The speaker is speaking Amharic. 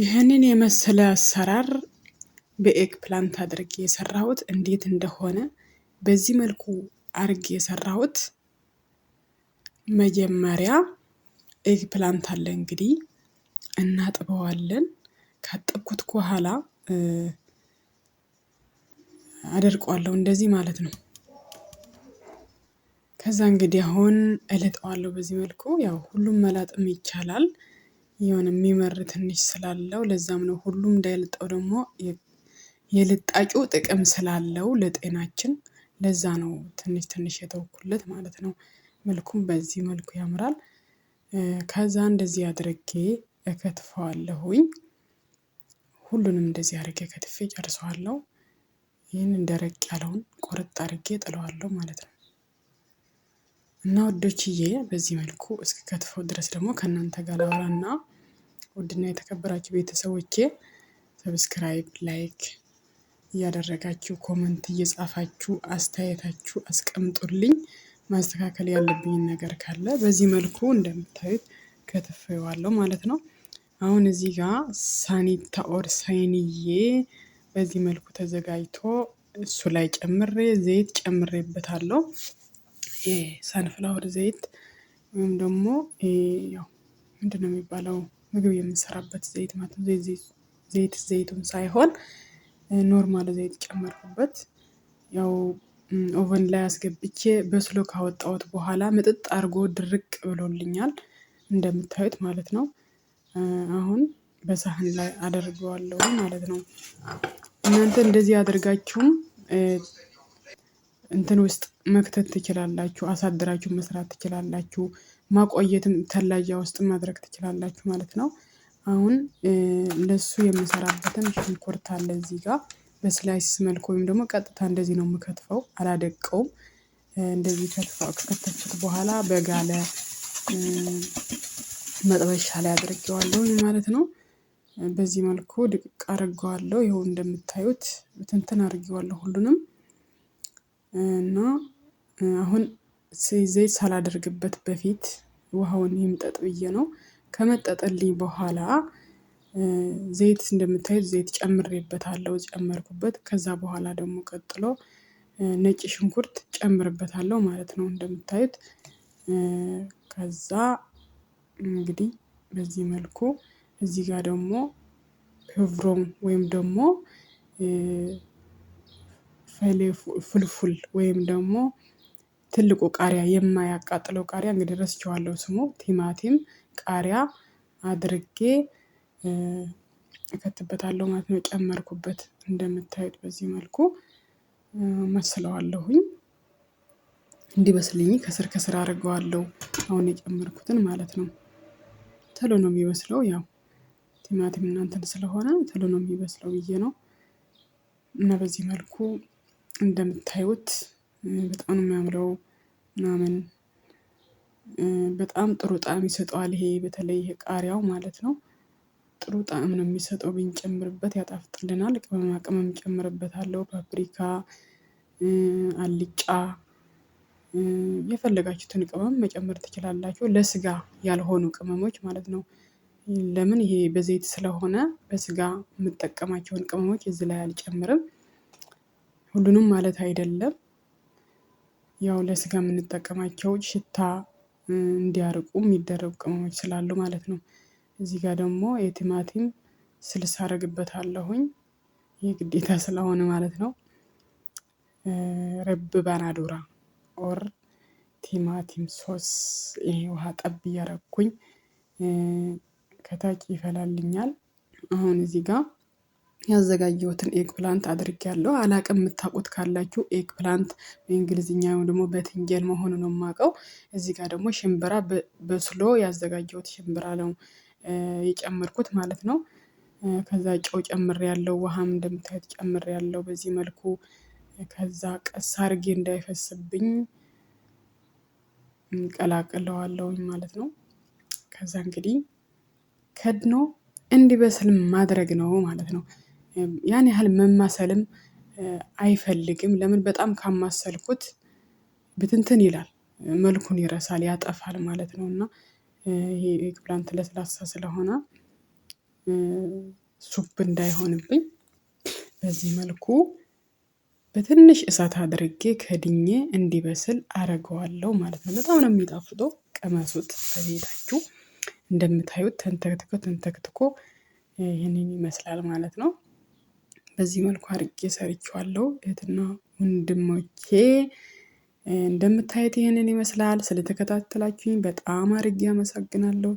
ይህንን የመሰለ አሰራር በኤግ ፕላንት አድርጌ የሰራሁት እንዴት እንደሆነ በዚህ መልኩ አድርጌ የሰራሁት መጀመሪያ ኤግ ፕላንት አለ እንግዲህ እናጥበዋለን። ካጠብኩት በኋላ አደርቀዋለሁ እንደዚህ ማለት ነው። ከዛ እንግዲህ አሁን እልጠዋለሁ በዚህ መልኩ ያው ሁሉም መላጥም ይቻላል። የሆነ የሚመር ትንሽ ስላለው ለዛም ነው ሁሉም እንዳይልጠው ደግሞ የልጣጩ ጥቅም ስላለው ለጤናችን ለዛ ነው ትንሽ ትንሽ የተወኩለት ማለት ነው። መልኩም በዚህ መልኩ ያምራል። ከዛ እንደዚህ አድርጌ እከትፈዋለሁኝ። ሁሉንም እንደዚህ አድርጌ ከትፌ ጨርሰዋለሁ። ይህን ደረቅ ያለውን ቆረጥ አድርጌ ጥለዋለሁ ማለት ነው። እና ወዶችዬ በዚህ መልኩ እስክከትፈው ድረስ ደግሞ ከእናንተ ጋር ላወራና ውድና የተከበራችሁ ቤተሰቦቼ ሰብስክራይብ፣ ላይክ እያደረጋችሁ ኮመንት እየጻፋችሁ አስተያየታችሁ አስቀምጡልኝ። ማስተካከል ያለብኝን ነገር ካለ በዚህ መልኩ እንደምታዩት ከትፈዋለሁ ማለት ነው። አሁን እዚህ ጋር ሳኒታ ኦር ሳይንዬ በዚህ መልኩ ተዘጋጅቶ እሱ ላይ ጨምሬ ዘይት ጨምሬበታለሁ። ሳንፍላወር ዘይት ወይም ደግሞ ምንድን ነው የሚባለው ምግብ የምንሰራበት ዘይት ማለት ነው። ዘይት ዘይቱን ሳይሆን ኖርማል ዘይት ጨመርኩበት። ያው ኦቨን ላይ አስገብቼ በስሎ ካወጣሁት በኋላ ምጥጥ አድርጎ ድርቅ ብሎልኛል እንደምታዩት ማለት ነው። አሁን በሳህን ላይ አደርገዋለሁ ማለት ነው። እናንተ እንደዚህ አድርጋችሁም እንትን ውስጥ መክተት ትችላላችሁ፣ አሳድራችሁ መስራት ትችላላችሁ። ማቆየትም ተላጃ ውስጥ ማድረግ ትችላላችሁ ማለት ነው። አሁን ለሱ የምሰራበትን ሽንኩርት አለ እዚህ ጋር በስላይስ መልክ ወይም ደግሞ ቀጥታ እንደዚህ ነው የምከትፈው፣ አላደቀውም። እንደዚህ ከተፈችት በኋላ በጋለ መጥበሻ ላይ አድርጌዋለሁ ማለት ነው። በዚህ መልኩ ድቅቅ አድርገዋለሁ። ይኸው እንደምታዩት ትንትን አድርጌዋለሁ ሁሉንም እና አሁን ዘይት ሳላደርግበት በፊት ውሃውን ይምጠጥ ብዬ ነው። ከመጠጠልኝ በኋላ ዘይት እንደምታዩት ዘይት ጨምሬበታለሁ ጨመርኩበት ከዛ በኋላ ደግሞ ቀጥሎ ነጭ ሽንኩርት ጨምርበታለሁ ማለት ነው። እንደምታዩት ከዛ እንግዲህ በዚህ መልኩ እዚህ ጋር ደግሞ ህብሮም ወይም ደግሞ ፍልፉል ወይም ደግሞ ትልቁ ቃሪያ የማያቃጥለው ቃሪያ እንግዲህ ረስቼዋለሁ ስሙ ቲማቲም ቃሪያ አድርጌ እከትበታለሁ ማለት ነው። ጨመርኩበት እንደምታዩት በዚህ መልኩ መስለዋለሁኝ እንዲበስልኝ ከስር ከስር አድርገዋለሁ አሁን የጨመርኩትን ማለት ነው። ቶሎ ነው የሚበስለው ያው ቲማቲም እናንተን ስለሆነ ቶሎ ነው የሚበስለው ብዬ ነው። እና በዚህ መልኩ እንደምታዩት በጣም ነው የሚያምረው ምናምን በጣም ጥሩ ጣዕም ይሰጠዋል። ይሄ በተለይ ቃሪያው ማለት ነው ጥሩ ጣዕም ነው የሚሰጠው ብንጨምርበት ያጣፍጥልናል። ቅመማ ቅመም እጨምርበታለሁ ፓፕሪካ አልጫ የፈለጋችሁትን ቅመም መጨመር ትችላላችሁ። ለስጋ ያልሆኑ ቅመሞች ማለት ነው። ለምን ይሄ በዘይት ስለሆነ በስጋ የምጠቀማቸውን ቅመሞች እዚህ ላይ አልጨምርም። ሁሉንም ማለት አይደለም ያው ለስጋ የምንጠቀማቸው ሽታ እንዲያርቁ የሚደረጉ ቅመሞች ስላሉ ማለት ነው። እዚህ ጋር ደግሞ የቲማቲም ስልስ አደርግበታለሁኝ ግዴታ ስለሆነ ማለት ነው። ረብ ባናዶራ ኦር ቲማቲም ሶስ ይሄ ውሃ ጠብ እያረኩኝ ከታች ይፈላልኛል። አሁን እዚህ ጋር ያዘጋጀሁትን ኤግ ፕላንት አድርጌያለሁ። አላቅም የምታውቁት ካላችሁ ኤግ ፕላንት በእንግሊዝኛ ወይም ደግሞ በትንጀል መሆኑ ነው የማውቀው። እዚህ ጋር ደግሞ ሽምብራ በስሎ ያዘጋጀሁት ሽምብራ ነው የጨመርኩት ማለት ነው። ከዛ ጨው ያለው ውሃም እንደምታዩት ያለው በዚህ መልኩ ከዛ ቀስ አድርጌ እንዳይፈስብኝ እንቀላቅለዋለውኝ ማለት ነው። ከዛ እንግዲህ ከድኖ እንዲበስል ማድረግ ነው ማለት ነው። ያን ያህል መማሰልም አይፈልግም። ለምን በጣም ካማሰልኩት ብትንትን ይላል መልኩን ይረሳል ያጠፋል ማለት ነው። እና ይሄ ለስላሳ ስለሆነ ሱፕ እንዳይሆንብኝ በዚህ መልኩ በትንሽ እሳት አድርጌ ከድኜ እንዲበስል አረገዋለሁ ማለት ነው። በጣም ነው የሚጣፍጠው ቀመሱት በቤታችሁ። እንደምታዩት ተንተክትኮ ተንተክትኮ ይህንን ይመስላል ማለት ነው። በዚህ መልኩ አድርጌ ሰርቼዋለሁ። እህትና ወንድሞቼ እንደምታየት ይህንን ይመስላል። ስለተከታተላችሁኝ በጣም አድርጌ አመሰግናለሁ።